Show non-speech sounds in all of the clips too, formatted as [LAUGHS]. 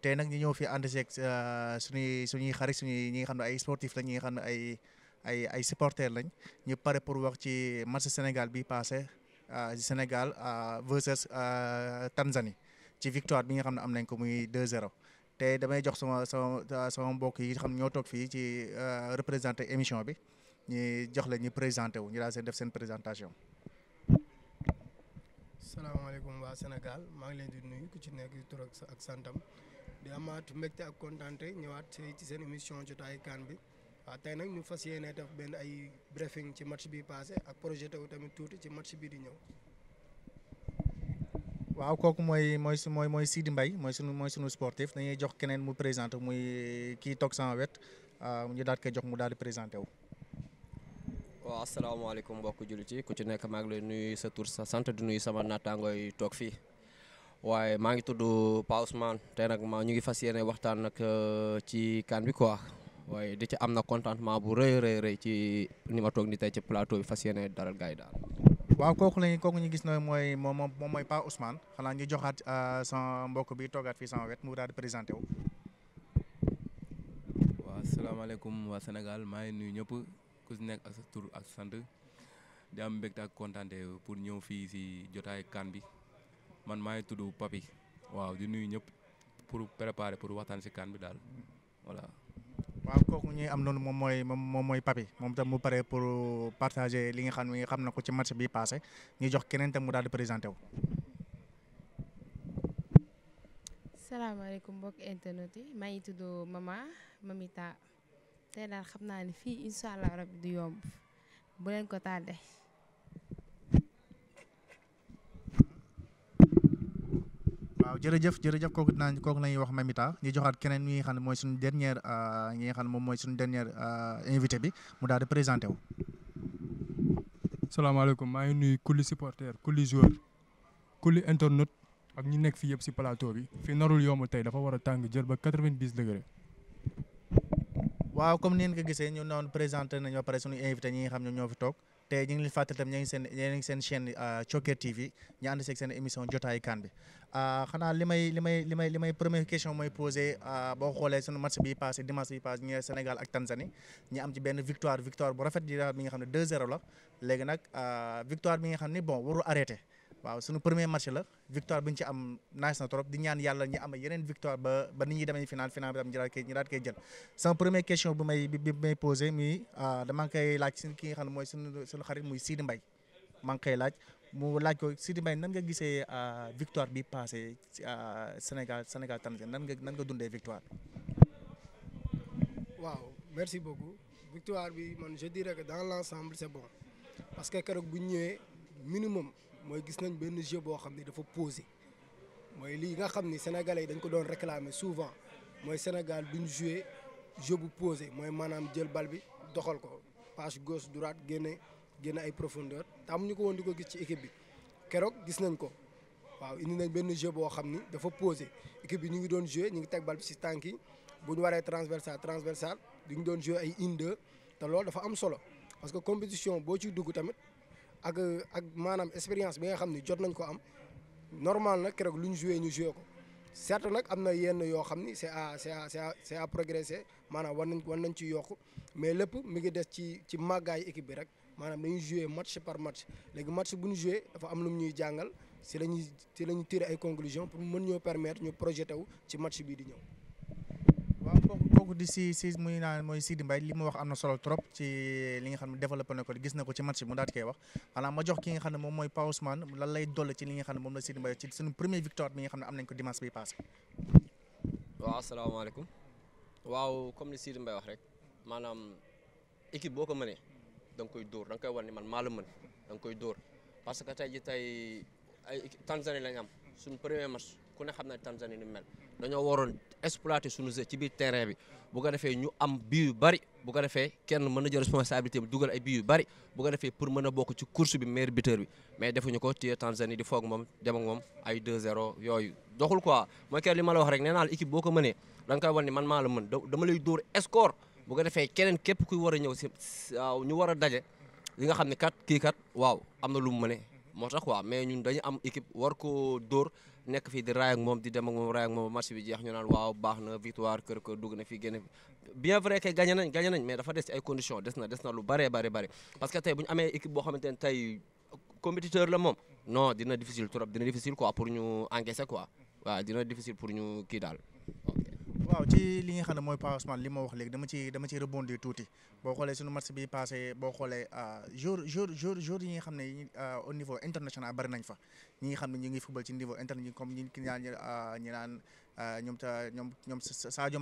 tey nak ñu ñëw fi ànd seeg euh, suñu suñuy xarit suñu ñi nga xam ay sportif lañ ñi nga xam ay ay ay supporters lañ ñu pare pour wax ci match Sénégal bi passé euh, Sénégal euh, versus Tanzanie ci victoire bi nga xam am nañ ko muy 2-0 tey damay jox sama sama sama mbokk yi xam ñoo tok fi ci représenter émission bi ñi jox la ñi présenter wu ñu daal seen def seen présentation. salaamaaleykum wa Sénégal ma ngi leen di nuyu ku ci nekk turak ak santam. di amaat mbégte ak kontaan ñëwaat ci seen émission jotaayu kaan bi waaw tey nag ñu fas yéene def benn ay briefing ci match bi passé ak projet taw tamit tuuti ci match bi di ñëw. waaw kooku mooy mooy su mooy mooy Sidi Mbaye mooy sunu mooy sunu sportif dañuy jox keneen mu présenté muy kii toog sama wet ñu daal koy jox mu daal di présenté wu. waaw asalaamaaleykum mbokk jullit yi ku ci nekk maa ngi lay nuyu sa tur sa sant du nuyu sama naataangooy toog fii. Wai maa ngi pausman Pa Ousmane tey nag ma ñu ngi fas yéene waxtaan nak ci kan bi quoi way di ci amna contentement bu rëy rëy rëy ci ni ma tok ni tay ci plateau bi fas yéene daral gay yi wa waaw kooku lañu kooku ñu gis nooy moy mom mom moy Pa Ousmane xanaa ñu joxat sama mbokk bi togat fi sama wet mu daal présenté wu. waaw asalaamaaleykum waa Sénégal maa ngi nuyu ñep ku si nekk ak sa tour ak sant di am mbégte ak pour ñew fi si jotay kan bi. man maa ngi tudd Papy waaw di nuyu ñëpp pour préparer pour waxtaan si kan bi daal voilà. waaw kooku ñuy am noonu moom mooy moom mooy Papy moom tam mu pare pour partager li nga xam ne xam na ko ci match bi passé ñu jox keneen tam mu daal di présenté wu. salaamaaleykum mbokk internet yi maa ngi tudd Mama Mamita tey daal xam naa ni fii incha allah rabi du yomb bu leen ko tàddee. waaw jërëjëf jërëjëf kooku naan kooku la ñuy wax Mamita ñu joxaat keneen ñi nga xam ne mooy suñu dernière euh, ñi nga xam ne moom mooy suñu dernière euh, invité bi mu daal di présenté wu. salaamaaleykum maa ngi nuyu kulli supporter kulli joueur kulli internaute ak ñu nekk fii yëpp si palateau bi. fi narul yomb tey dafa war a tàng jël ba quatre-vingt-dix degré. waaw comme neen ko gisee ñu noonu présenté nañu ba pare suñu invité ñi nga xam ne ñoo fi toog te ñu ngi leen fàttali tam ñu ngi seen ñu ngi seen chaîne euh, Thioker TV ñu ànd seeg seen émission jotaayu kan bi euh, xanaa li may li may may li may première question mooy posé euh, boo xoolee suñu match bi passé dimanche bi passé ñu Sénégal ak Tanzanie ñu am ci benn victoire victoire bu rafet di daal bi nga xam ne 2-0 la léegi nag victoire bi nga xam ne bon waru arrêté waaw suñu premier match la victoire bi ñu ci am nice na trop di ñaan yàlla ñu am yeneen victoire ba ni ñuy demee final final bi tam ñu daal jël sama première question bi may posé muy ah, damaa koy laaj suñu ki nga xam ne mooy suñu suñu xarit muy Sidi Mbaye maa ngi koy laaj mu laaj ko Sidi Mbaye nan nga gisee ah, victoire bi passé ah, Sénégal Sénégal nan nga nan nga dundee victoire waaw merci beaucoup victoire bi man je dirais que dans l' ensemble c' est parce que keroog bu ñu minimum moy gis nañ benn jeu bo xamni dafa posé moy li nga xamni sénégalais dañ ko doon réclamer souvent moy Sénégal duñ jouer jeu bu posé moy manam jël bal bi doxal ko passe gauche droite génne génne ay profondeur te amuñu ko won di ko gis ci équipe bi kérok gis nañ ko waaw indi nañ benn jeu bo xamni dafa posé équipe bi ñu ngi doon jouer ñu ngi tek bal bi ci tanki yi waré transversal transversal du ñu doon jouer ay une 2 té lool dafa am solo parce que compétition bo ci dugg tamit. ak ak maanaam expérience bi nga xam ne jot nañ ko am normal nag keroog lu ñu joué ñu joué ko certes nag am na yenn yoo xam ni c'est à c'est à c'est maanaam war nañ war nañ ci yokk mais lépp mi ngi des ci ci màggaayu équipe bi rek maanaam dañuy joué match par match léegi match bu ñu joué dafa am lu ñuy jàngal si la ñuy si la ñuy tiré ay conclusions pour mën ñoo permettre ñu projeté wu ci match bii di ñëw. kooku di si si muy naan mooy Sidi li mu wax am na solo trop ci li nga xam ne développé na gis na ko ci match bi mu daal di koy wax xanaa ma jox ki nga xam ne moom mooy Pa Ousmane lan doll ci li nga xam ne moom la Sidi ci suñu première victoire bi nga xam ne am nañ ko dimanche bi passé waaw asalaamaaleykum waaw comme ni Sidi Mbaye wax rek maanaam équipe boo ko mënee da nga koy dóor da koy wan ni man maa la mën da nga koy dóor parce que tey ji tey ay Tanzanie lañ am suñu premier match ku ne xam na Tanzanie ni dañoo waroon exploiter sunu jeu ci biir terrain bi bu ko defee ñu am bi yu bari bu ko defee kenn mën na jël responsabilité bi dugal ay bi yu bari bu ko defee pour mën a bokk ci course bi meilleur buteur bi mais defuñu ko ci Tanzanie di foog moom dem ak moom ay 2 yooyu doxul quoi mooy kenn ma la wax rek nee naa la boo ko mënee da nga koy wan ni man maa la mën dama lay dóor score bu ko defee keneen képp kuy war a ñëw si ñu war a daje li nga xam ne kat kii kat waaw am na lu mu mëne moo tax quoi mais ñun dañu am équipe war ko dóor nekk fii di raay moom di dem moom raay moom match bi jeex waaw baax na victoire kër kër dugg na fi génn bien vrai que gagné nañ mais dafa des ay conditions des na des na lu bëree bëri bëri parce que tey bu amee équipe boo xamante ne tey la moom non dina difficile trop dina difficile quoi pour ñu encaisser quoi waaw dina difficile pour ñu kii daal waaw ci li nga xam ne mooy Pa li ma wax léegi dama ci rebondir tuuti boo xoolee suñu match bi passé boo xoolee euh, jour jour jour jour xam ne euh, au niveau international bari fa ñi xam ne ñu ngi football ci niveau international euh, ñoom ta ñoom ñoom Sadio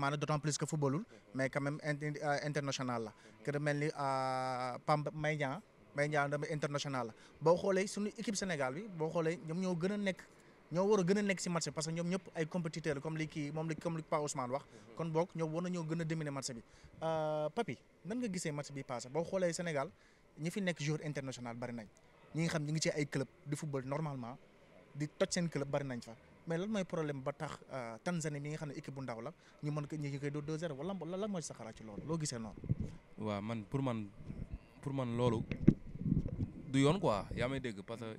footballul mais quand international la que mel ni Pape Mbaye Niang Mbaye Niang dama international la boo xoolee suñu équipe Sénégal bi boo xoolee ñoom ñoo gën a nekk ñoo war a gën a nekk si match parce que ñoom ñëpp ay compétiteurs comme li kii moom li comme li Pa Ousmane wax kon boog ñoom war nañoo gën a dominer match bi euh, Papy nan nga gisee match bi passé boo xoolee Sénégal ñi fi nekk joueur international bari nañ ñi nga xam ngi ci ay club di football normalement di bari nañ fa mais lan mooy problème ba tax euh, Tanzanie mi nga xam ne équipe bu ndaw la ñu mën ko ñu koy doo 2-0 wala lan mooy sa ci loolu loo gisee noonu. waaw man pour man loolu du yoon quoi yaa may dégg parce que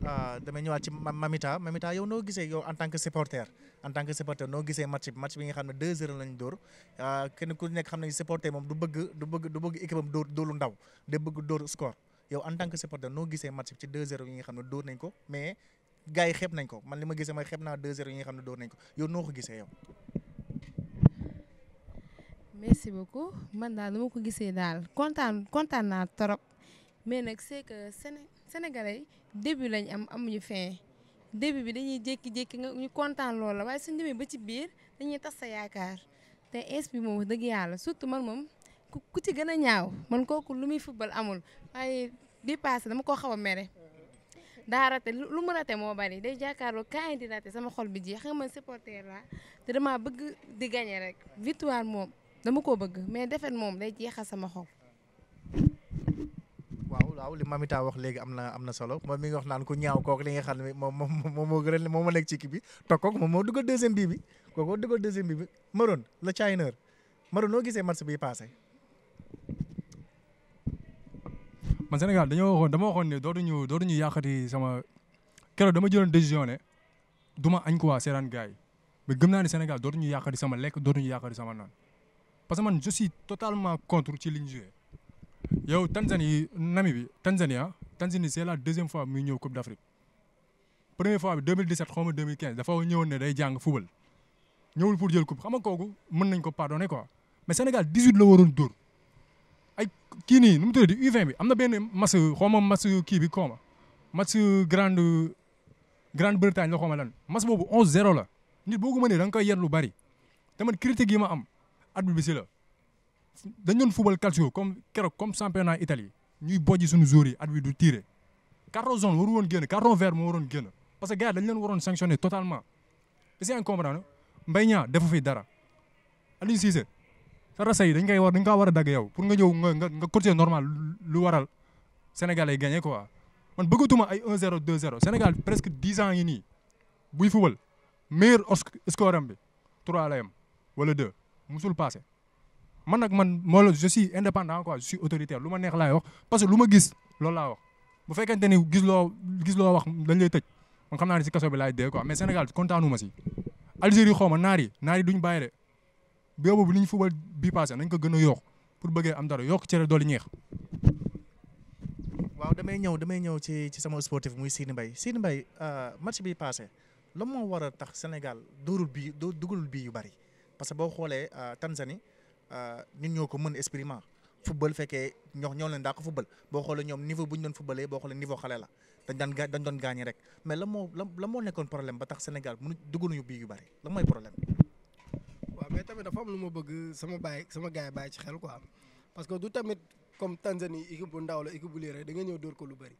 Ah, damay ñëwaat ci Mamita Mamita yow noo gisee yow en tant que supporter en tant que supporter noo gisee match bi match bi nga xam ne deux heures lañ dóor ah, kenn ku nekk xam nañ supporter moom du bëgg du bëgg du bëgg équipe am dóor dóolu ndaw da bëgg dóor score yow en tant que supporter noo gisee match bi ci deux heures yi nga xam ne dóor nañ ko mais gars yi xeeb nañ ko man li ma gisee mooy xeeb naa deux heures yi nga xam ne dóor nañ ko yow noo ko gisee yow. merci beaucoup man daal lu ma ko gisee daal kontaan kontaan naa trop. mais nag c'est que Séné Sénégalais début lañ am amuñu fin début bi dañuy jékki-jékki nga ñu kontaan loolu la waaye suñ demee ba ci biir dañuy tas sa yaakaar te es bi moom wax dëgg yàlla surtout man moom ku ci gën a ñaaw man kooku lu muy football amul waaye bi passé dama koo xaw a mere. daa rate lu mu rate moo bari day jàkkaarloo kaa di rate sama xol bi jeex xam nga man supporter la te damaa bëgg di gagner rek victoire moom dama koo bëgg mais defet moom day jeexal sama xol. waaw li mamita wax léegi am na am na solo moo mi ngi wax naan ku ñaaw kooku li nga xam moo a moom moo nekk ci kii bi toog kooku moom moo dugal deuxième bii bi kooku moo dugal deuxième bii bi Maroon la Chiner Maroon noo gisee match bi paase man Sénégal dañoo waxoon dama waxoon ne dootuñu dootuñu yàqati sama keroog dama jëloon décision ne du ma añ quoi seeraan gars yi mais gëm naa ne Sénégal dootuñu yàqati sama lekk dootuñu yàqati sama naan parce que man je suis totalement contre ci liñ joué yow Tanzanie Namibie Tanzania Tanzanie c'est est la deuxième fois muy ñëw Coupe d' première fois bi 2017 xaw ma 2015 dafa ñëwoon ne day jàng football ñëwul pour jël coupe xam nga kooku mën nañ ko pardonner quoi mais Sénégal 18 la waroon dóor ay kii nii nu mu tuddati U20 bi am na benn match xaw ma match kii bi xaw ma match grande grande Bretagne la xaw ma lan match boobu 11 0 la nit boo ko mënee da nga koy yar lu bari te man critique yi ma am at bi si dañ doon football calcio comme keroog comme championnat Italie ñuy bojji suñu joueurs yi at wi du tiré carton jaune waru woon génn carton vert moo waroon génn parce que gars dañ leen waroon sanctionner totalement est-ce que yaa ngi comprendre hein? Mbaye Niang defu fi dara Aliou Cissé sa rasa yi dañ koy war dañ kaa war a dagg yow pour nga ñëw nga nga cotiser normal lu waral sénégalais ay gagné quoi man bëggatuma ay 1-0 2-0 Sénégal presque 10 ans yi nii buy football meilleur scoream bi 3 la yem wala 2 musul passé. man nag man moo la je suis indépendant quoi je autoritaire lu ma neex laay wax parce que lu ma gis loolu laa wax bu fekkente ni gis loo gis loo wax dañ lay tëj man ne si kaso bi laay dee quoi mais Sénégal kontaanu ma si. Algérie xaw ma naari naari naar yi duñ bàyyi de bee boobu li ñu fubal bii passé nañ ko gën a pour bëggee am dara yokk dool doole ñeex. waaw damay ñëw damay ñëw ci ci sama sportif muy Sini Mbaye Sini Mbaye euh, match bi passé lan moo war a tax Sénégal dóorul bii dugul bii yu bari parce que boo xoolee euh, Tanzanie. Euh, ñun ñoo ko mën expériment football fekkee ñoo ñoo leen daa ko boo xoolee ñoom niveau bu ñu doon footballee boo xoolee niveau xale la dañ daan ga dañ doon gaañi rek mais la moo la moo nekkoon problème ba tax Sénégal mënu dugguñu bii yu bëri la mooy tamit dafa am lu ma bëgg sama bàyyi sama gars yi bàyyi ci xel ñëw ko lu bëri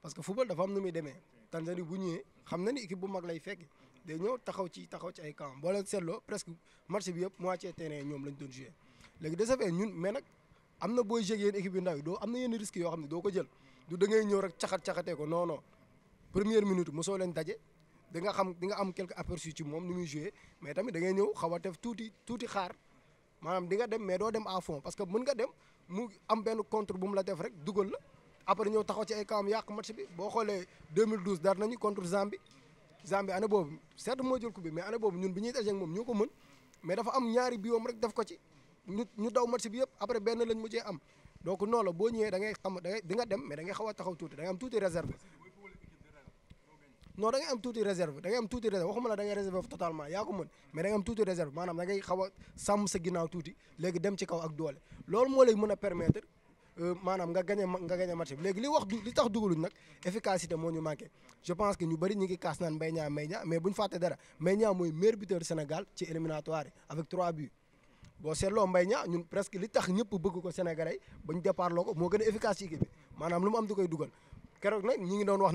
parce que football dafa am nu demee Tanzanie bu na ni équipe bu lay fekk taxaw ci taxaw ci ay camp boo leen seetloo presque match bi yëpp ñoom lañ doon jouer léegi de ce ñun mais nag am na booy jege yéen équipe yu ndaw yi doo am yenn risques yoo xam ne doo ko jël du da ngay ñëw rek caxat caxatee ko non non première minute mosoo leen daje di nga xam di nga am quelque aperçu moom ni muy joué mais tamit da ñëw xaw a def tuuti tuuti maanaam di nga dem mais doo dem à fond parce que mën nga dem mu am benn contre bu mu la def rek dugal la après ñëw taxaw ci ay kawam yàq match bi boo xoolee 2012 dar nañu contre Zambie Zambie année boobu certes moo jël coupe bi mais année boobu ñun bi ñuy daje ak moom ñoo ko mën mais dafa am ñaari biom rek def ko ci. ñu daw marché bi yépp après benn lañ mujjee am donc noonu la boo ñëwee da ngay xam da ngay di nga dem mais da ngay xawa taxaw tuuti da ngay am tuuti réserve non da ngay am tuuti réserve da ngay am tuuti réserve waxuma la da ngay réserve totalement ya ko mën mais da ngay am tuuti réserve manam da ngay xawa sam sa ginaaw tuuti légui dem ci kaw ak doole lool mo lay mëna permettre euh manam nga gagné nga gagné match légui li wax li tax dugaluñ nak efficacité mo ñu manqué je pense que ñu bari ñi ngi kaas naan Mbaye Niang Mbaye Niang mais buñ fàtte dara Mbaye Niang moy meilleur buteur Sénégal ci éliminatoire avec 3 buts boo seetloo mbay ñaa ñun presque li tax ñëpp bëgg ko sénégalais bañ départ loo moo gën a efficace ci mu am di koy dugal keroog nag ñi ngi doon wax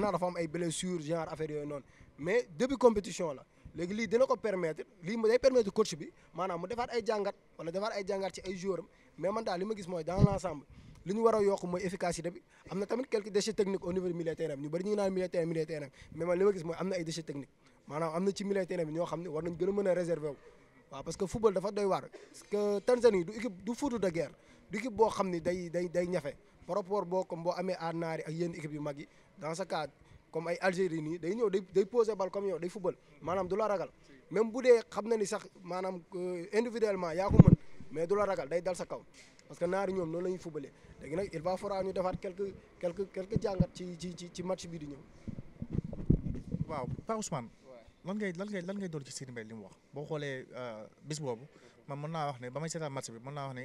blessure genre affaire yooyu noonu mais début compétition la léegi lii dina ko permettre lii day permettre coach bi maanaam mu defaat ay jàngat wala defaat ay jàngat ci ay jouram mais man daal li ma gis ensemble li ñu war a yokk mooy efficacité bi am na tamit quelques au niveau du milieu terrain ñu bëri ñu ngi naan milieu terrain xam ne war nañ gën a mën a réserver waaw parce que football dafa doy waar parce que Tanzanie du du foot de guerre du équipe boo ni day day day ñafe par rapport boo comme boo amee à naari ak yenn équipe yu mag yi dans ce cas comme ay Algérie nii day ñëw day day posé bal comme yow day football maanaam du la ragal même bu dee xam na ni sax maanaam euh, individuellement yaa ko mais du la ragal day dal sa kaw parce que naari ñoom noonu la ñuy footballee léegi nag il va falloir ñu defaat quelque quelque quelque jàngat ci ci ci match bii di ñëw. waaw Pa Ousmane. lan ngay lan ngay lan ngay doon ci seen mbay lim wax boo xoolee eh, bis bobu man mën na wax ne ba may seetaan match bi mën na wax ne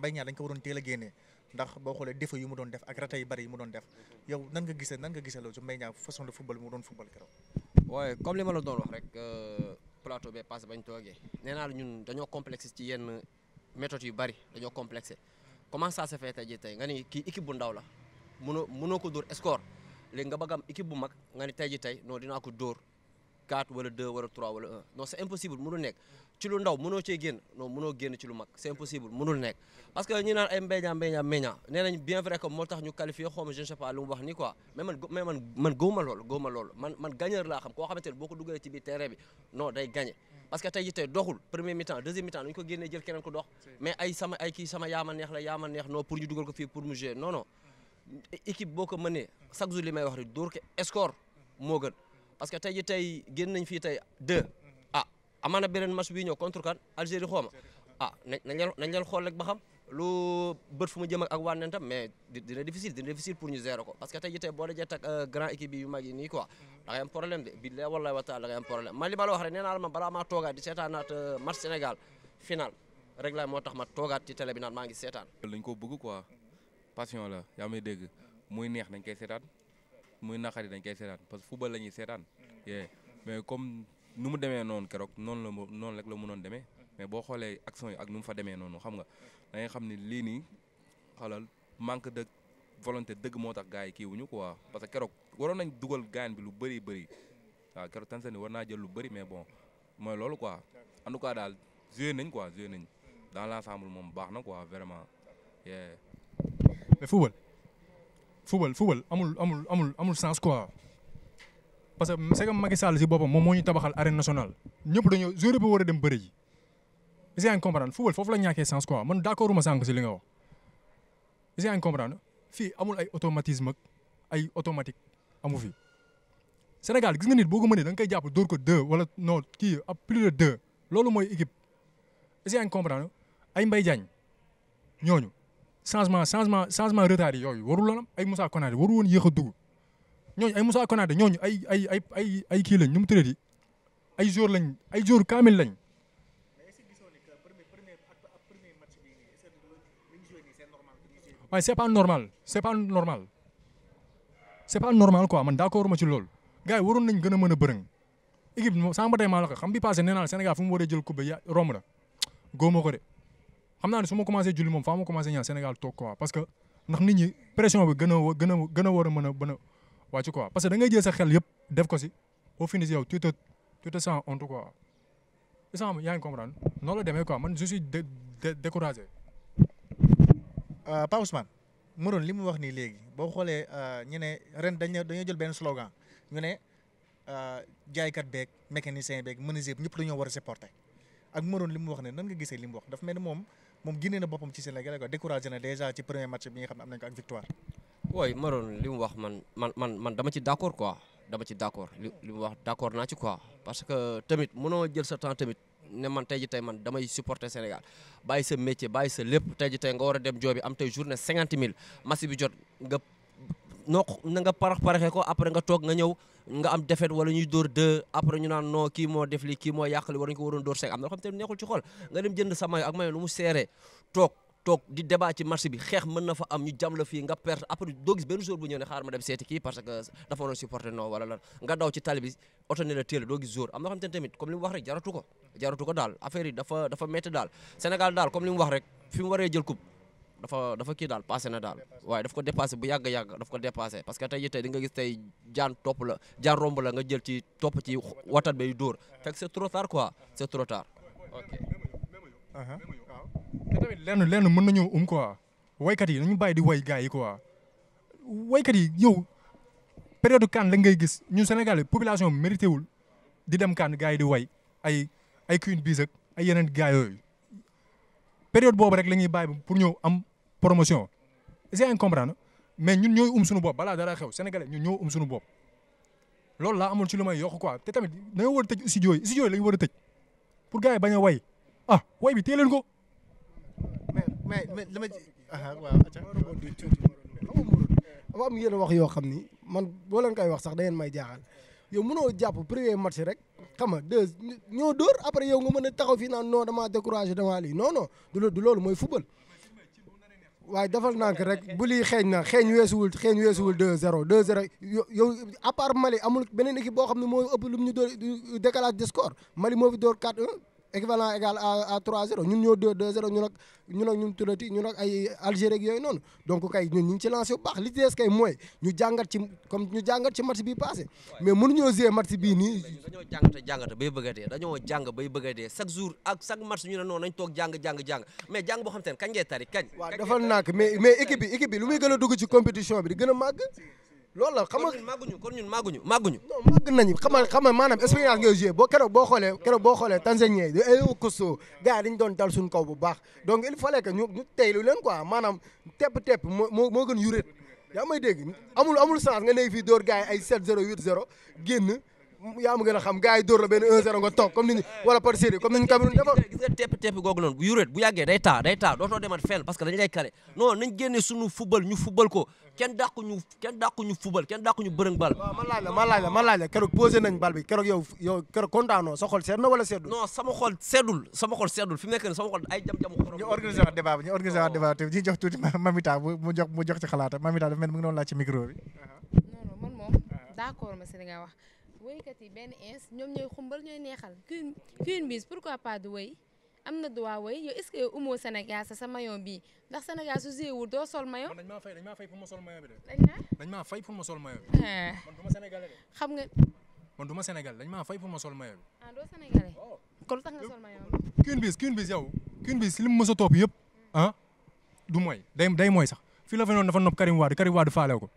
mbay ñaar dañ ko waroon teel a ndax bo xolé défaut yu mu doon def ak rata yu bari yu mu doon def yow nan nga gisee nan nga gisee lo ci mbay ñaar façon de football mu doon football kéro waye comme li ma la doon wax rek eh, plateau bé passe bañ togué néna ñun dañoo complexe ci yenn méthode yu bari dañoo complexe comment ça se fait tay tay nga ni ki équipe bu ndaw la mëno mëno ko dóor score léegi nga bëgg am équipe bu mag nga ni tay tay no dina ko 4 wala 2 wala 3 wala 1 non c' impossible mënul nekk ci ndaw mënoo cee génn non mënoo génn ci lu mag impossible mënul nekk parce que ñu ay mbéñaa mbéñaa mbéñaa nee bien vrai que moo tax ñu qualifié xaw ma je ne wax ni quoi man mais man xam koo xamante boo ko dugalee ci biir bi non day gagné parce que tey jii doxul premier mi temps deuxième mi ko génnee jël keneen ko dox mais ay sama sama yaama neex la yaama neex parce que tey ji tey génn nañ fii tey deux mm-hmm. ah amaana beneen match bii ñëw contre kan Algérie xooma ah nañ leen nañ leen xool ba xam lu bët fu mu jëm ak wàn tam mais dina difficile dina pour ñu gérer ko parce que tey ji tey boo dajee tak euh, grand équipe yu mag yi nii quoi mm-hmm. de billahi wallahi wa taala da ngay am problème man li ma la wax rek nee naa la man balaa maa toogaat di seetaanaat euh, match Sénégal final rek moo tax ma toogaat ci télé bi naan maa ngi seetaan. lañ ko bëgg quoi mm-hmm. passion la yaa dégg muy neex nañ koy seetaan muy naqari dañ koy seetaan parce que football la ñuy seetaan. mais comme nu mu demee noonu keroog noonu la ma noonu rek la mënoon demee. mais boo xoolee action yi ak nu mu fa demee noonu xam nga da nga xam ni lii nii xoolal manque de volonté dëgg moo tax gars yi kii wuñu quoi parce que keroog waroon nañ dugal gaan bi lu bëri bëri waaw keroog Tanzanie war naa jël lu bëri mais bon mooy loolu quoi en tout cas daal joué nañ quoi joué nañ dans l' ensemble moom baax na quoi vraiment. mais football football football amul amul amul amul sens quoi parce que c'est que Macky Sall si boppam moom moo ñu tabaxal arène national ñëpp dañoo joueur bi war a dem bëri ji. est-ce que foofu la ñàkkee sens quoi man d'accord ma sànq si li nga wax est-ce que fii amul ay automatisme ak ay automatique amu fi. Sénégal gis nga nit boo ko mënee da nga koy jàpp dóor ko deux wala non kii a plus de deux loolu mooy équipe est-ce que ay Mbaye Diagne ñooñu. changement changement changement retard yi yooyu warul woon ay Moussa Konaté warul woon yéex a dugg ñooñu ay Moussa Konaté ñooñu ay ay ay ay kii lañ ñu mu ay jour lañ ay jour kaamil lañ. waaye c'est pas normal c'est pas normal c'est pas normal ko man d'accord ma ci loolu gars yi waroon nañ gën a mën a bërëng équipe ba tey maa la xam bi passé nee naa Sénégal fu mu waree jël coupe ya romb na góob ko xam naa ne su ma commencé julli moom faa ma commencé ñaan Sénégal toog quoi parce que ndax nit ñi pression bi gën a gën a gën a war a mën a mën a wàcc quoi parce que da ngay jël sa xel yëpp def ko si au finish yow tu te tu te sens honte quoi isa am yaa ngi comprendre noonu la demee quoi man je suis dé découragé. Euh, Pape Ousmane mu doon li mu wax nii léegi boo xoolee euh, ñu ne ren dañu dañoo jël benn slogan ñu ne euh, kat beeg mécanicien beeg menuisier bi ñëpp dañoo war a se porter ak Morone li mu wax ne nan nga gisee li mu wax daf mel moom moom na boppam ci Sénégal quoi découragé na déjà ci premier match bi nga xam ne am nañ ko ak victoire. waaye Morone li mu wax man man man man dama ci d'accord quoi dama ci d'accord li mu wax d'accord naa ci quoi parce que tamit mënoo jël sa temps tamit. ne man tey ji tey man damay supporter Sénégal bàyyi sa métier bàyyi sa lépp tey ji tey nga war a dem joobi am tey journée cinquante mille match bi jot nga noo na nga parax paraxee ko après nga toog nga ñëw nga am defet wala ñuy dóor deux après ñu naan non kii moo def li kii moo yàq li waruñu ñu jam la fii nga perte ma dem seeti kii parce que dafa waroon supporter non wala lan nga daw ci tali oto ne la téel doo gis jour am na xam te tamit comme li mu wax rek jaratu ko jaratu ko daal affaire dafa dafa daal Sénégal daal comme li wax rek fi mu waree jël coupe dafa dafa kii daal passé na daal waaye daf ko dépassé bu yàgg yàgg daf ko dépassé parce nga gis tey jaan topp la jaan romb la nga jël ci top ci watat bay dóor fekk c'est trop tard quoi c'est trop tard ok te tamit lenn mën nañu um quoi waykat yi nañu bàyyi di way gars yi quoi waykat yi yow période kan la ngay gis ñun Sénégal population mérité wul di dem kan gars yi di way ay ay Queen Biz ak ay yeneen gars yooyu période boobu rek la ñuy bàyyi pour ñëw promotion est-ce que yaa ngi comprendre mais ñun ñooy um suñu bopp balaa dara xew sénégalais ñun ñoo um suñu bopp loolu laa amoon ci lu may yokk quoi te tamit dañoo war a tëj studio yi studio yi la ñu war a tëj pour gars yi bañ a way ah way bi téye leen ko. mais mais mais dama ji ah waaw. dafa am yenn wax yoo xam ni man boo leen koy wax sax da ngeen may jaaxal yow mënoo jàpp premier match rek xam nga deux ñoo dóor après yow nga mën a taxaw fii naan non damaa découragé damaa lii non non du loolu mooy football. waaye defal nànk rek bu lii xeeñ na xeeñ weesuwul xeeñ weesuwul de 0 2-0 yow à part Mali amul beneen équipe boo xam ne moo ëpp lu mu ñu doon décalage de score Mali moo fi door 4-1. équivalent égal à à 3-0 ñun ñoo 2-2-0 ñun ñun ak ñun ay Algérie ak yooyu noonu donc kay ñun ñu ngi ci lancé bu baax li kay mooy ñu jàngat ci comme ñu jàngat ci match bii passé mais mënuñoo jouer match dañoo jàngata bay bëgg a dee dañoo jàng bay bëgg a dee chaque jour ak chaque match ñu ne noonu toog jàng jàng jàng mais jàng boo xam te ne kañ ngay tari kañ. waaw dafa nàkk mais mais équipe lu muy gën a dugg ci compétition bi di gën a màgg. loolu la xam nga màgguñu kon ñun màgguñu màgguñu non màgg nañu xam nga xam nga maanaam expérience boo keroog boo boo xoolee Tanzanie yi ay costaud gars suñu kaw bu baax donc il fallait que ñu ñu teylu leen quoi maanaam tepp tepp moo moo gën yuréet yaa may dégg amul amul chance nga fii dóor gars ay 7 0 8 génn yaa ma gën a xam gars yi dóor la ni ñu wala par série comme ni bu yuréet bu yàggee day taa day taa dootoo demat fenn parce que dañu lay kale non nañ génne suñu fubal ko kenn dàqu ñu kenn dàqu ñu fubal kenn dàqu ñu bërëng bal waaw man laaj jam-jam ñu organisé waat débat bi ñu organisé waat mamita mu jox mamita dafa mel mu ngi woykat yi benn ins ñoom ñooy xumbal ñooy neexal Queen Queen Biz pourquoi pas du woy am na droit woy yow est-ce que yow umoo Sénégal sa sa maillon dañ maa fay dañ fay pour ma sol maillon bi de. dañ naa dañ maa fay pour ma sol maillon bi. Ah. ma sénégalais de. xam nga. man senegal ma sénégalais dañ maa fay pour ma sol maillon bi. ah doo sénégalais. Oh. kon tax nga sol li mu mës a yëpp ah du mooy day mooy sax fii la fa noonu dafa Karim Wade Karim Wade faale ko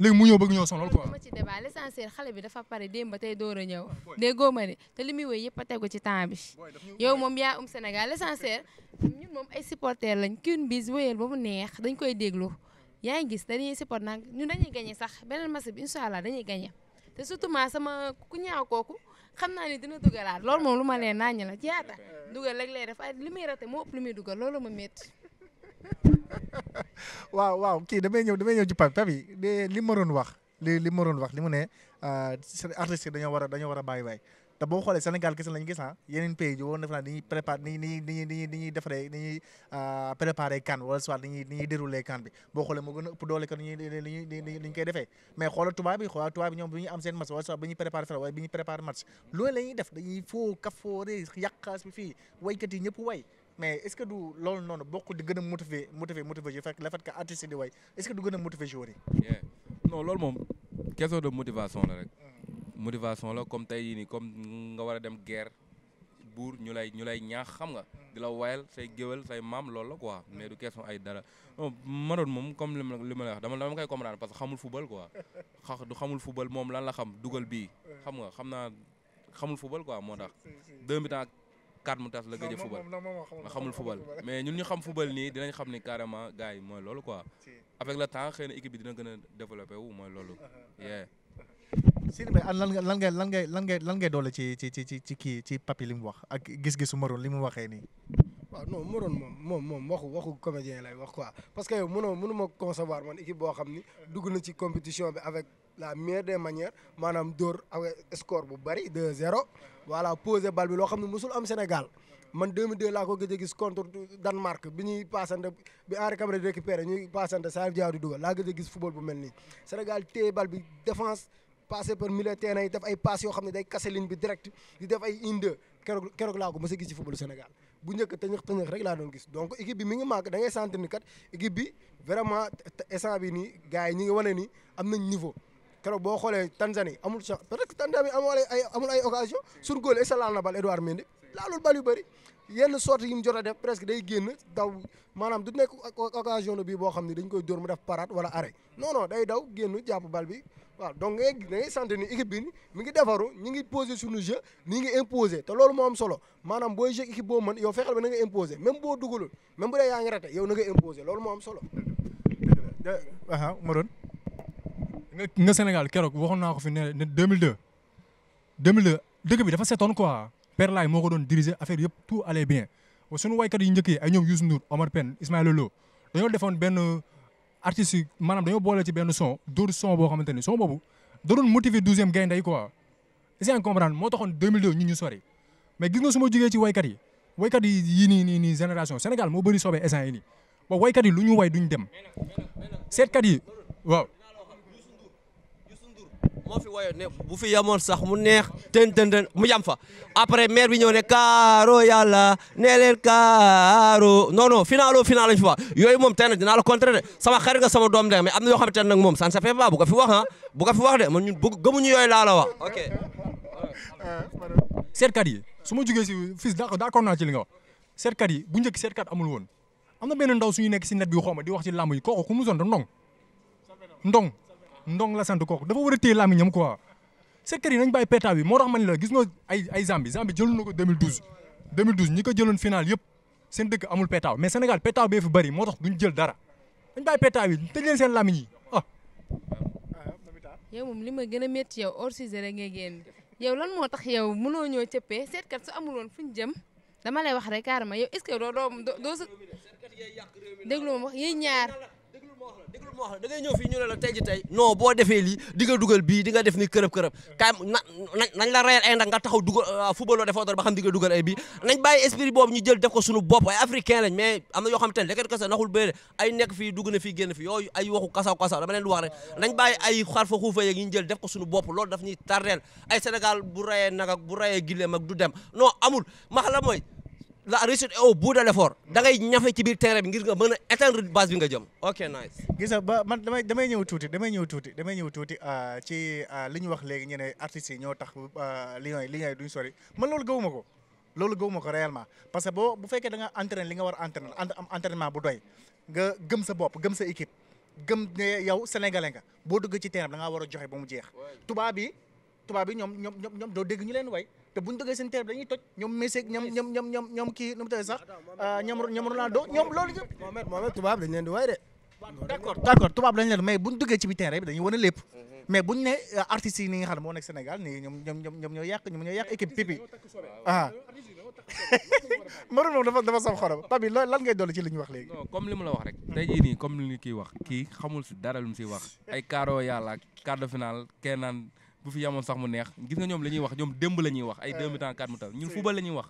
léegi mu ñëw bëgg ñëw sonal quoi. ma ci débat l'essentiel xale bi dafa pare démb tey door a ñëw déggoo li muy woy yëpp a tegu ci temps bi yow moom yaa um Sénégal l'essentiel moom ay supporter lañ Queen Biz wéyal ba mu neex dañ koy déglu yaa ngi gis dañuy support nag ñun dañuy gagné sax beneen match bi incha allah dañuy gagné te surtout ma sama ku ñaaw kooku xam naa ni dina dugalaat loolu moom lu ma leen naañu la jaata eh. dugal rek lay def ay li muy rate moo ëpp lu muy dugal loolu ma métti [LAUGHS] [LAUGHS] waaw waaw kii damay ñëw damay ñëw ci Pape li ma doon wax li li ma doon wax li mu ne ah, artistes yi dañoo war a dañoo war a bàyyi waay te boo kese lañu gis ah yeneen pays yi woon def naa dañuy ñuy defaree ni ñuy ah, préparé kan soit ni ñuy ni bi boo xoole moo gën a doole que ni ñuy ni ñuy ni ñu koy defee mais xoolal tubaab bi xoolal tubaab bi ñoom bi ñu am seen match wala soit bi ñuy préparé fenn wala bi match loolu la def dañuy foo kafoore yàqaas bi fii waykat yi ñëpp way mais est-ce que du loolu noonu bokk di gën a motiver motiver motiver joueur fekk le fait di way est-ce que du gën a motiver joueur loolu moom question de motivation la rek. Mm. motivation la comme tey nii comme nga war a dem guerre buur ñu lay ñu lay ñaax xam nga. Mm. di la wayal say géwél say maam loolu la quoi mais du question ay dara non Maroon moom comme li ma li ma la wax dama dama koy comprendre parce que xamul football quoi [LAUGHS] du xamul football moom lan la xam dugal bii xam nga xam naa xamul football quoi moo tax deux quatre mu tas la gëj a fubal nga xamul fubal mais ñun ñu xam fubal nii [LAUGHS] dinañ xam ni carrément gars mooy loolu quoi avec le temps xëy na dina gën a développé wu mooy loolu uh-huh, uh-huh. yeah [LAUGHS] Sidi Mbaye lan lan doole ci ci ci ci kii ci papi li mu wax ak gis-gisu Morone li mu waxee nii waaw non Morone moom moom moom waxu waxu comédien lay wax quoi parce que yow mënoo mënu ma concevoir man équipe boo xam ni uh-huh. dugg na ci compétition bi avec la meilleure des manières maanaam dóor ak score bu bari 2-0 voilà posé bal bi loo xam ne mosul am Sénégal man de laa ko gëj gis contre Danemark bi ñuy passante bi Henri Camara di récupéré ñuy passante Salif Diao di dugal laa gëj gis football bu mel ni Sénégal téye bal bi défense passé par milieu terrain yi def ay passe yoo xam ne day kase ligne bi direct i def ay inde keroog keroog laa ko mës a gis ci football Sénégal bu njëkk tëñëx tëñëx rek laa doon gis donc équipe bi mi ngi màgg da ngay sentir ni kat équipe bi vraiment instant nii gars yi ñi ngi wane ni am nañ niveau keroog boo xoolee Tanzanie amul chance parce que Tanzanie amul ay amul ay occasion sur goal est-ce que laal na bal Edouard Mendy laalul bal yu bëri yenn sorte yi mu jot a def presque day génn daw maanaam du nekk occasion bi boo xam ne dañ koy dóor mu def parade wala arrêt non non day daw génn jàpp bal bi waaw donc ngay sant ni équipe bi mi ngi defaru ñi ngi posé suñu ni ngi imposé te loolu moo am solo maanaam booy jeu équipe boo mën yow fexeel ba na nga imposé même boo dugalul même bu dee yaa ngi raté na nga imposé loolu moo am solo. dëgg la le Sénégal kérok ko fi 2002 2002 deug bi dafa sétone quoi Père lay moko que affaire tout allait bien ay Omar Pen, Ismaël Lo dañu ben que manam dañu bolé ci son que son son bobu da motiver quoi est-ce que comprendre 2002 ñi ñu sori mais gis nga suma ma ci waykat yi yi génération Sénégal mo bari sobé yi moo fi woyoon ne bu fi yemoon sax mu neex ten ten ten mu yam fa après maire bi ñëw ne kaaro yàlla nee leen kaaro non non finalo final lañ fi wax yooyu moom tey nag dinaa la contrer de sama xarit nga sama doom de mais am na yoo xamante ne nag moom ça ne se fait pas bu ko fi wax ah bu ko fi wax de man ñun bëgg gëmuñu yooyu laa la wax ok. seetkat yi su ma jugee si fii d'accord naa ci li nga wax seetkat yi bu njëkk seetkat amul woon am na benn ndaw suñu nekk si net bi xaw ma di wax ci làmb yi kooku ku mu sonn ndong ndong ndong la sant kooku dafa war a téye làmmiñam quoi secret yi nañ bàyyi pétaw yi moo tax man la gis nga ay ay Zambie Zambie jëloon na ko 2012 2012 ñi ko jëloon final yëpp seen dëkk amul pétaw mais Sénégal pétaw bee fi bari moo tax duñ jël dara dañ bàyyi pétaw yi tëj leen seen làmmiñ yi ah. yow moom li ma gën a métti yow hors sujet rek ngay génn yow lan moo tax yow mënoo ñoo cëppee seetkat su amul woon fu ñu jëm dama lay wax rek carrément yow est-ce que doo doo doo sa déglu ma déglul moo wax la da ngay ñëw fii ñu ne la tey ji tey non boo defee lii dugal bii di def ni kërëb kërëb kaay na nañ la rayal ay ndax nga taxaw dugal euh, footballoo defoo dara ba xam di nga dugal ay bii nañ bàyyi esprit boobu ñu jël def ko suñu bopp ay africain am na yoo te ne lekkat kasa naxul béyde ay nekk fii dugg na fii génn fii yooyu ay waxu kasaw kasaw dama leen di wax rek nañ bàyyi ay xarfa xuufa yeeg ñu jël def ko tardeel ay Sénégal bu rayee nag ak bu rayee gileem ak du dem non amul max la mooy la réussite est au bout de l'effort ñafe ci biir terrain bi ngir nga mën a éteindre base bi nga jëm ok nice gis nga man damay damay ñëw tuuti damay ñëw tuuti damay ñëw tuuti euh, ci euh, li ñu wax léegi ñu ne artistes yi ñoo tax euh, lions yi lions yi duñ sori man loolu gëwuma ko loolu gëwuma ko réellement parce que boo bu fekkee danga nga li nga war a entraîné am entraînement bu doy nga gëm sa bopp gëm sa équipe gëm ne yow sénégalais nga boo dugg ci terrain bi war a joxe ba mu jeex tubaab bi tubaab bi ñoom ñoom ñoom ñoom doo dégg ñu leen way te bu ñu duggee seen terrain bi dañuy toj ñoom Messi ñoom ñoom ñoom ñoom ñoom kii nu mu tëddee sax euh, ñoom ñoom Ronaldo ñoom loolu yëpp. Mohamed Mohamed tubaab dañ leen di way de. d' accord d' accord tubaab dañ leen mais bu ñu duggee ci biir terrain bi dañuy wane lépp. Mhm. mais bu ñu nee euh, artistes yi ni nga xam ne moo nekk Sénégal nii ñoom ñoom ñoom ñoo yàq ñoo yàq équipe pipi ah. Maroon moom dafa dafa sam xorom Pape bi lan ngay ci li ñu wax léegi. comme li mu la wax rek. tey jii nii comme li wax kii xamul dara lu mu siy wax [LAUGHS] ay carreaux yàlla quart de finale kenn bu fi yamoon sax mu neex gis nga ñoom la ñuy wax ñoom démb la ñuy wax ay deux mi-temps quatre mi ñun fubal la ñuy wax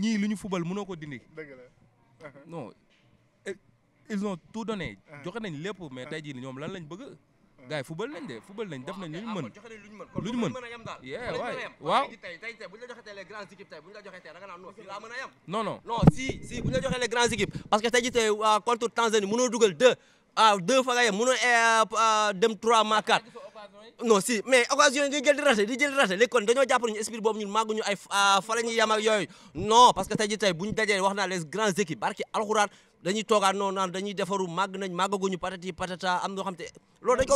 ñii lu ñu fubal mënoo ko dindi la uh-huh. non eh, ils ont tout donné uh-huh. joxe nañ lépp mais uh-huh. tey jii ñoom lan lañ bëgg gars yi fubal nañ de fubal nañ def nañ lu ñu mën ah, lu ñu mën yee waay waaw non non non si si bu ñu la joxee les grandes équipes parce que tey jii tey contre Tanzanie mënoo dugal deux ah deux fois il pas eh, ah, dem trois quatre non si mais occasion de jël di raté di jël raté le kon de ah, non parce que les grands équipes barki alxuraan dañuy toga non non, dañuy mag nañ patati patata am xam dañ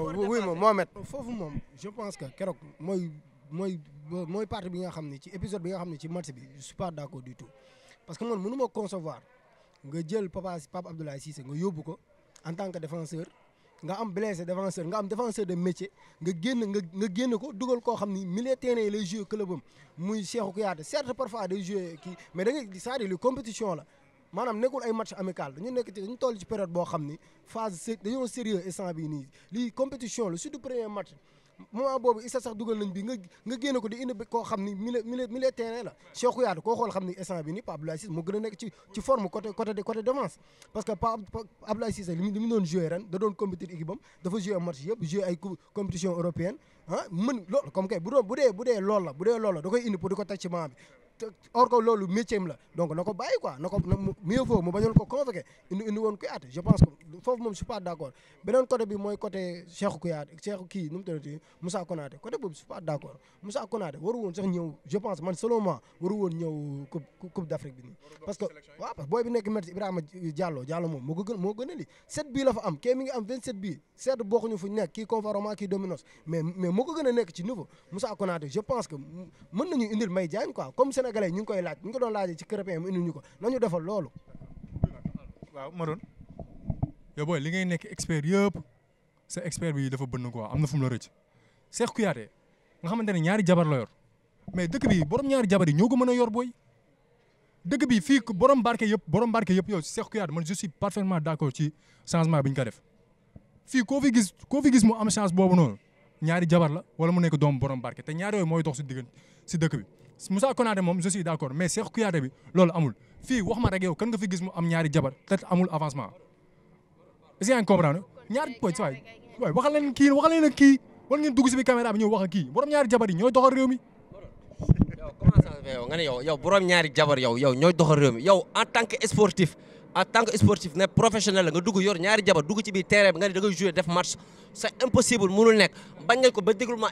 ko oui Mohamed fofu mom je pense que kérok moy moy moy partie bi nga épisode suis pas d'accord du tout parce que ne mënu pas concevoir nga jël papa Abdoulaye Cissé nga en tant que défenseur nga am blessé défenseur nga am défenseur de métier nga génn nga nga génn ko dugal koo xam ni milieu terrain lay joué club muy Cheikhou Kouyaté certes parfois day joueurs qui mais da ngay c'est-à-dire lu compétition la maanaam nekkul ay match amical dañu nekk ci dañu toll ci période boo xam ni phase dañoo sérieux instant bii nii lii compétition la surtout premier match moment boobu i sax dugal nañ bi nga nga génne ko di indi koo xam ni milieu milieu milieu terrain la Cheikh xool xam ni instant ni Pape Abdoulaye Cissé moo nekk ci ci forme côté parce que Pape Abdoulaye Cissé li mu da doon compétir équipe dafa joué match yëpp joué ay compétition européenne ah mën loolu comme kay bu dee bu dee loolu bu dee loolu la da koy ko teg ci orko lolou loolu métier la donc nako baye quoi nako mieux vaut mo bañoon ko convoqué indi indi ko at je pense que foofu mom je suis pas d'accord benen côté bi moy côté Cheikhou Kouyaté Cheikhou ki num mu Moussa Konaté côté boobu je suis pas d'accord Moussa Konaté waru won sax ñew je pense man selon moi waru woon ñëw coupe coupe d' bi ni parce que wa parce boy bi nek merci Ibrahima Diallo Diallo mom mo ko gën moo gën li 7 bi la fa am kii mi ngi am 27 bi bii seet ñu fu nek ki kii ki kii Dominos mais mais mo ko gën nek ci nouveau Moussa Konaté je pense que mën nañu indil may Diagne quoi comme Sénégal sénégalais ñu ngi koy laaj ñu ngi ko doon laajee ci Krépin mu indi ñu ko nañu defal loolu. waaw Maroon yow booy li nekk expert yëpp sa expert bi dafa bënn ko am na fu mu la rëcc Cheikh Kouyaté nga xamante ne ñaari jabar la yor mais dëkk bi borom ñaari jabar yi ñoo ko mën a yor booy dëkk bi borom barke yëpp borom barke yëpp yow Cheikh Kouyaté man je suis parfaitement d'accord ci changement bi ñu ko def fii koo fi gis koo fi gis mu am chance boobu noonu ñaari jabar la wala mu nekk doomu borom barke te ñaari yooyu mooy dox si diggan si dëkk bi. Moussa Konaté moom je suis d' accord mais Cheikh Kouyaté bi loolu amul fi wax ma rek yow kan nga fi gis mu am ñaari jabar te amul avancement est ce que yaa ngi comprendre ñaari poñ kii kii war dugg si bi caméra bi ñëw wax ak kii borom ñaari jabar yi ñooy doxal nga ne yow yow borom ñaari jabar yow yow ñooy doxal réew mi yow en tant que sportif en tant que sportif ne professionnel la nga dugg yor ñaari jabar dugg ci biir terrain bi nga ne da ngay def match c' est impossible mënul nekk bañ nañ ko ba déglu ma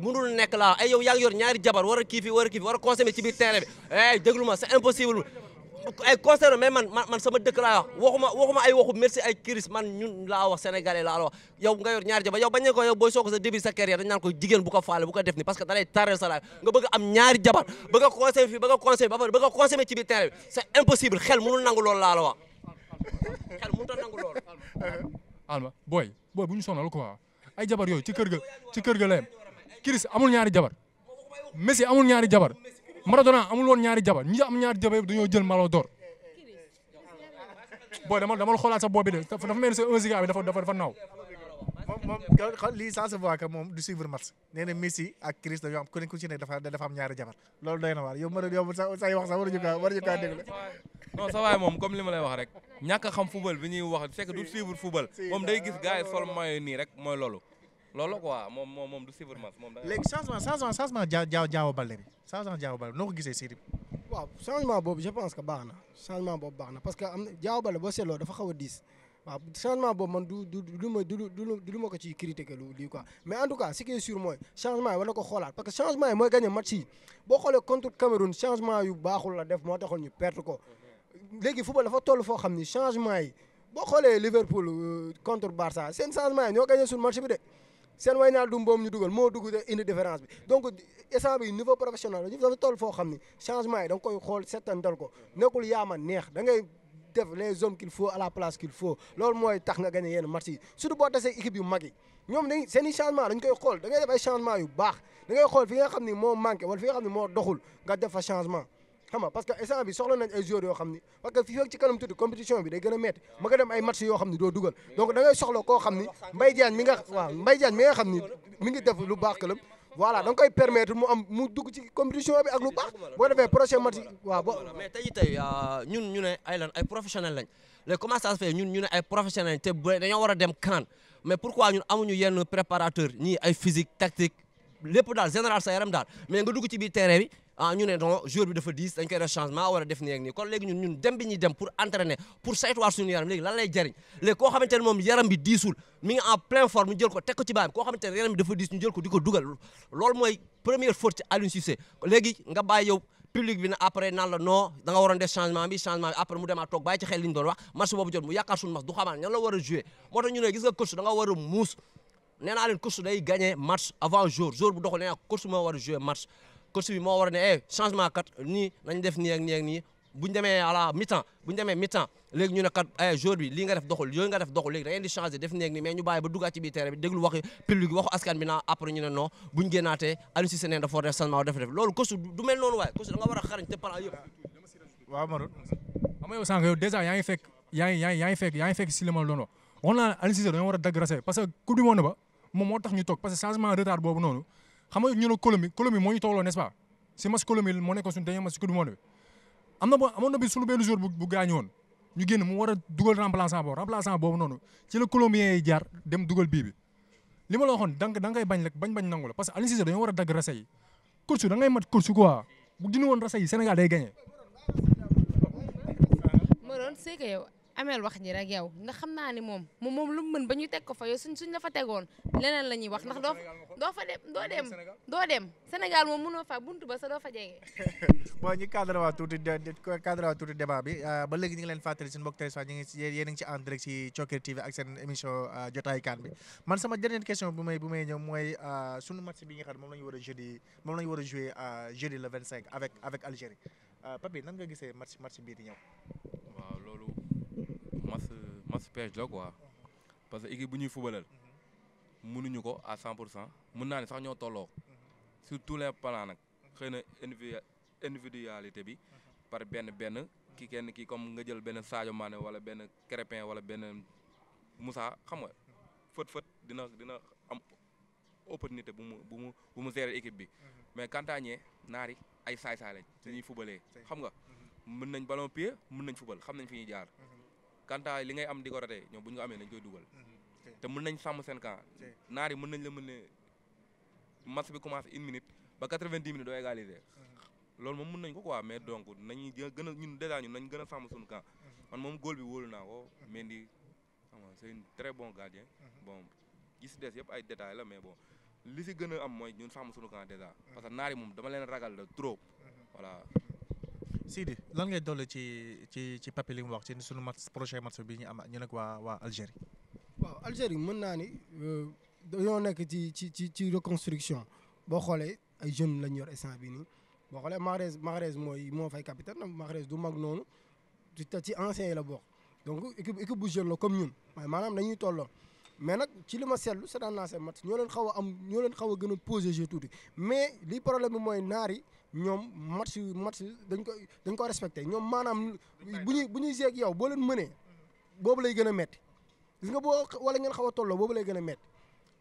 mënul nek la ay yow yaa yor ñaari jabar war a wara fi war a war eh ci bi terrain bi ay déglu c'est impossible ay conseil mais man man sama dëkk la wax waxuma waxuma ay waxu merci ay kiris man ñun la wax sénégalais la wax yow nga yor ñaari jabar yow bañ ko yow boy soko sa début sa carrière dañ nan ko jigen bu ko faale bu ko def ni parce que da lay tarer sa la nga bëgg am ñaari jabar bëgg a conseil fii bëgg a conseil ba bëgg a conseil ci bi terrain c'est impossible xel mënul nangu lool la wax xel mënul nangu lool alma boy boy buñu ñu sonal quoi ay jabar yoy ci kër ga ci kër ga lay Chris amul ñaari jabar Messi amul ñaari jabar Maradona amul woon ñaari jabar ñi am ñaari jabar dañoo dama dama xoolaat sa boobu de dafa mel ni sa Eusica dafa dafa naaw. lii ça se voit moom du suivre match nee Messi ak Chris am dafa am ñaari jabar loolu doy na waar yow mën yow sa say wax sax waruñu kaa waruñu kaa déglu. sa waay moom comme li ma lay rek ñàkk a xam football bi ñuy wax fekk du suivre football moom day gis gars yi sol maillot nii rek mooy loolu. loolu quoi mom mom moom du Sivurmans moom. léegi changement changement changement jaaw jaaw Baldé bi changement jaaw Baldé noo ko gisee Sidi. waaw changement bob je pense que baax changement bob baax parce que am na jaaw bo boo dafa xawa a wa changement bob man du du du ma du du ma ko ci critiquer lu li quoi mais en tout cas ce qui est sûr mooy changement wala ko xolal parce que changement moy gagner match yi bo xolé contre Cameroun changement yu baaxul la def mo taxoon ñu perdre ko léegi football dafa tollu fo xamni changement yi bo xolé Liverpool euh, contre Barça seen changement yi ñoo gagner sur match bi de. C'est un dum ñu dugal moo différence bi donc instant niveau professionnel la ñu dafa toll foo changement yi da nga koy xool ko neex les hommes qu'il faut à la place qu'il faut loolu mooy tax nga gagné yenn match yi surtout boo tasee équipe yu mag yi dañ seen changement dañ koy xool da ngay def ay changement yu baax da ngay xool fi nga xam nga parce que instant bi soxla nañ ay joueurs yoo xam ni parce que fii ak ci kanam tuuti compétition bi day gën a metti ma dem ay match yoo xam ni doo dugal donc da ngay koo xam ni Mbaye Diagne mi nga waaw Mbaye mi nga def lu baax këlam voilà da nga koy mu am mu dugg ci compétition bi ak lu baax boo defee prochain match waaw bo mais euh, ñun ñu ne ay lan ay professionnel lañ léegi comment ça se ñun ñu ne ay professionnel lañ te dañoo war a dem kan mais pourquoi ñun amuñu yenn préparateur ñii ay physique tactique lépp daal général sa yaram daal mais nga dugg ci biir terrain bi ah ñu ne non jour bi dafa diis dañ koy def changement a def nii ak nii kon léegi ñun ñun dem bi ñuy dem pour entraîner pour saytuwaat suñu yaram léegi lan lay jariñ léegi koo xamante ne moom yaram bi diisul mi ngi en pleine forme ñu jël ko teg ko ci baam koo xamante ne yaram bi dafa diis ñu jël ko di ko dugal loolu mooy première faute ci Aliou Cissé léegi nga bàyyi yow public bi na après naan la non da nga waroon def changement bi changement bi après mu demaat toog bàyyi ci xel li a joué moo tax a muus nee naa leen coach day gagné match avant jour jour bu doxul coach bi mo war né eh changement kat ni nañ def ni ak ni ak ni buñ démé à la mi-temps buñ démé mi-temps légui ñu né kat ay eh, jour bi li nga def doxul yooyu nga def doxul légui da ngeen di changer def nii ak nii mais ñu bàyyi ba duggaat ci biir terrain bi déglu wax public waxu askan bi naa après ñu né non buñ ñu génnaatee Aliou Cissé neen dafa def changement def def lolu coach du mel non way coach da nga wara a xarañ te par yëpp. waaw Maroc xam nga yow sànq yow dèjà yaa ngi fekk yaa ngi yaa ngi fekk yaa fekk si li ma doon wax wax naa Aliou Cissé dañoo war a dégraisser parce que coup du monde ba mo moo tax ñu tok parce que changement retard bobu noonu xam nga ñu ne moo ñu tolloo nest si match Colombie moo nekkoon suñu dernier match ci coupe bi am na boo amoon na bi suñu benn jour bu bu ñu génn mu war a dugal boobu noonu ci la Colombien yi jaar dem dugal bii bi li ma la waxoon bañ rek bañ bañ nangu la parce que Aliou Cissé a dagg rase yi course da ngay mat course bu dindi woon rase yi Sénégal day ameel wax ji rek yow xam naa ni moom moom lu mu ba ñu teg ko fa yow suñ suñ la fa tegoon leneen la ñuy wax ndax doo doo fa dem doo dem doo dem Sénégal moom mënoo fa buntu ba sa doo fa jege. [LAUGHS] bon ñu cadre waa tuuti cadre waa tuuti débat bi euh, ba léegi ñu leen fàttali suñu mbokk téléspectateurs ñu ngi si yéen a ngi ci en direct si Thioker TV ak seen émission euh, sama dernière question bu may bu may ñëw mooy euh, suñu match bi nga xam moom la ñu war a jeudi moom la war a joué jeudi le 25 avec avec Algérie Papi nan nga gisee match match bii di ñëw match match pêche la quoi parce que équipe bu ñuy fubalal mënuñu ko à 100 pour cent mun naa ne sax ñoo tolloo surtout tous les plans nag xëy bi par benn benn ki kenn ki comme nga jël benn Sadio Mané wala benn Crépin wala benn Moussa xam nga fët fët dina dina am opportunité bu mu bu mu bu mu gérer équipe bi mais kantaañee naari ay saay-saay lañ ñuy fubalee xam nga mën nañ ballon pied mën nañ fubal xam nañ fi ñuy jaar kantaay li ngay am di ko ratee ñoom bu ñu ko amee nañ koy dugal mm-hmm. te mën nañ sàmm seen camp naar yi mën nañ la mën ne match bi commencé une minute ba quatre-vingt-dix doo égaliser mm-hmm. loolu moom mën nañ ko quoi mais mm-hmm. donc nañu gën ñun dèjà ñun nañ gën a sàmm suñu camp man moom góol bi wóolu naa ko Mendy xam nga c'est très bon gardien bon gis des yëpp ay détails la mais bon li si gën a am mooy ñun sàmm suñu camp dèjà parce que naar yi moom dama leen ragal la trop voilà Sidi lan ngay dolli ci ci ci Pape li mu wax ci suñu projet prochain match bi ñu am ñu nag waa waa Algérie. waaw Algérie mën naa ni euh, dañoo nekk ci ci ci ci reconstruction boo xoolee ay jeune lañ yor instant bi nii boo xoolee Mahrez Mahrez mooy moo fay capitaine Mahrez du mag noonu te ci ancien la bokk donc équipe équipe bu jeune la comme ñun waaye maanaam dañuy tolloo. mais nag ci li ma seetlu seetaan naa seen match ñoo leen xaw am ñoo leen xaw a gën a posé jeu tuuti mais li problème bi mooy naar yi ñoom match match dañ ko dañ ko respecté ñoom maanaam bu ñuy bu ñuy seeg yow boo leen mënee boobu lay gën a metti gis nga boo wala ngeen xaw a tolloo boobu lay gën a metti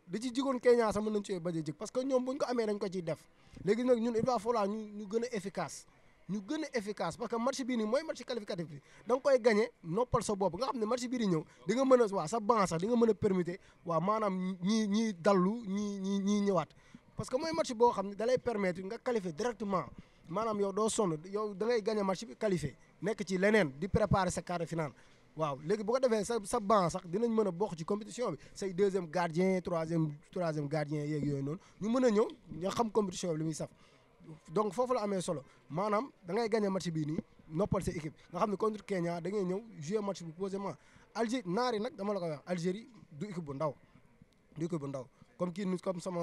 da ci jigoon Kenya sax mën nañ cee bañ a jëg parce que ñoom bu buñ ko amee dañ ko ciy def léegi nag ñun il va falloir ñu ñu gën a efficace Nous sommes efficaces parce que match marché nii mooy match qualificatif bi gagné match ñëw nga sa banc sax a parce que match da permettre qualifier directement manam yow do sonn yow da ngay gagné match qualifié nek ci lenen di préparer sa carré finale waaw bu ko défé sa sax dinañ a ci compétition bi say deuxième gardien troisième troisième gardien yeeg yoy non ñu nous ñëw nga xam compétition bi saf donc fofu la amé solo manam da ngay gagner match bi ni nopal sa équipe nga xamni contre Kenya da ngay ñew jouer match bi posément Algérie nari nak dama la ko wax Algérie du équipe bu ndaw du équipe bu ndaw comme ki ni comme sama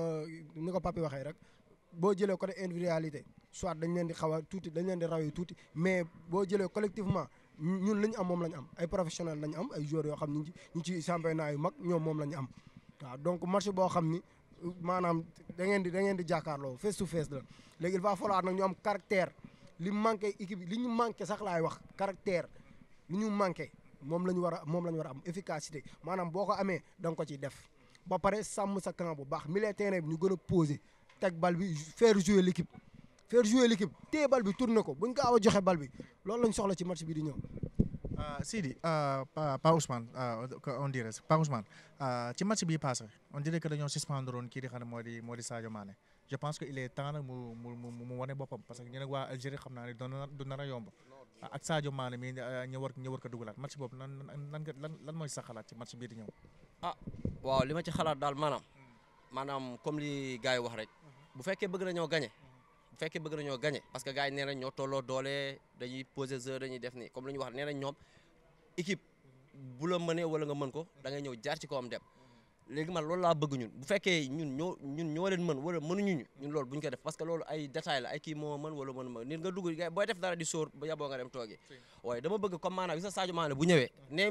niko papi waxee rek boo jëlee côté individualité soit dañ leen di xawa touti tuuti dañ leen di rawee touti mais bo jëlé collectivement ñun lañ am mom lañ am ay professionnel lañ am ay joueurs yo xamni ñi ci championnat yu mag ñom mom lañ am waaw donc match bo xamni maanaam da ngeen di da ngeen di jàkkaarloo face to face la léegi il va falloir nag ñu am caractère li manqué équipe li ñu manqué sax laay wax caractère li ñu manqué moom la ñu war a moom la ñu war am efficacité maanaam boo ko amee da ko ciy def ba pare sàmm sa camp bu baax milieu terrain bi ñu gën a posé teg bal bi faire jouer l'équipe faire jouer l'équipe téye bal bi tourné ko buñ gaaw a joxe bal bi loolu lañ soxla ci match bi di ñëw Ah, Sidi ah, Pa Ousmane ah, on dirait Pa Ousmane ci match bi passé on dirait que dañoo suspendre woon kii moo di moo di je pense que il est temps mu wane boppam parce que ñu ne waa Algérie xam naa ne du a yomb ak Sadio Mané mii ñu war ñu war ko match boobu lan mooy sa xalaat match bii ñëw. ah waaw li ma ci xalaat daal maanaam maanaam comme li gars wax rek bu fekkee bëgg nañoo gagné. bu fekkee bëgg nañoo gagné parce que gars yi nee nañ doole dañuy poser jeu dañuy def nii comme lu wax nee ñoom équipe bu mënee wala nga mën ko da ngay ñëw jaar ci kawam dem léegi man loolu laa bëgg ñun bu fekkee ñun ñoo ñun ñoo leen mën wala mënuñu ñu ñun loolu bu ñu ko def parce que loolu ay détail la ay kii moo mën wala mën ma nit nga dugg gars def dara di sóor ba yaboo nga dem toogee waaye dama bëgg comme maanaam gis nga Sadio Mané bu ñëwee nee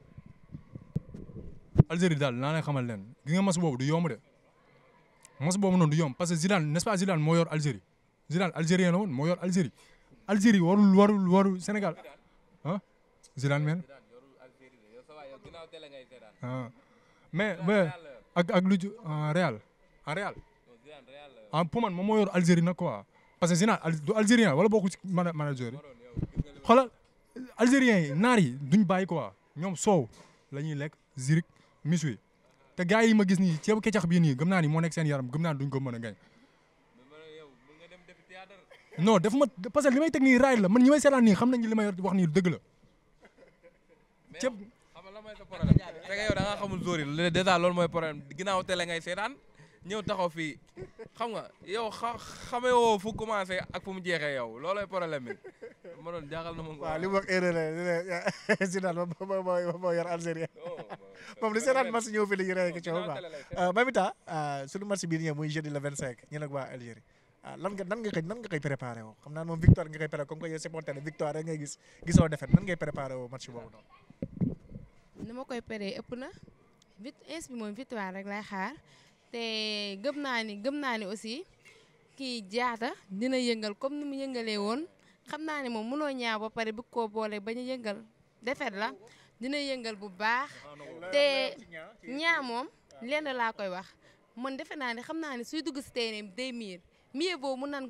Algérie daal naa leen xamal leen gi nga mas boobu du yomb de mas boobu du yomb parce que Zidane n'est-ce pas Zidane moo yor Algérie Zidane algérien la woon moo yor Algérie Algérie warul warul warul Sénégal ah Zidane moo yor Algérie nag quoi parce que Zidane du algérien wala bokku ci manager yi algérien yi naar yi duñ bàyyi quoi ñoom soow la ñuy lekk zirik. mis wi te gars yi ma gis nii ceebu kecax bii nii gëm naa ni moo nekk seen yaram gëm naa duñ ko mën a gañ non daf ma parce que li may teg nii raay la man ñi may seetaan nii xam nañ li may wax nii dëgg la ceeb. xam nga la mooy sa problème. yow da nga xamul zóor yi déjà loolu mooy problème ginnaaw télé ngay seetaan. ñëw taxaw fi xam nga yow xa xamee woo fu commencé ak fu mu jeexee yow loolooy problème bi ma doon jaaxal na ma. waaw li mu wax erreur la ne Zidane [LAUGHS] moom moo yor Algérie oh, [LAUGHS] moom li seetaan match la euh, euh, ñu rey ak coow quoi. nan nga koy nan nga koy victoire nga koy préparé comme que victoire rek ngay gis gisoo défaite nan ngay préparé woo match boobu noonu. ni ma victoire rek lay te gëm naa ni gëm naa ni aussi kii jaata dina yëngal comme ni mu yëngalee woon xam naa ne moom mënoo ñaaw ba pare bu koo boole ba ñu yëngal defet la dina yëngal bu baax te ñaa moom lenn laa koy wax man defe naa ne xam naa ne suy dugg si tey day miir miir boobu mu nan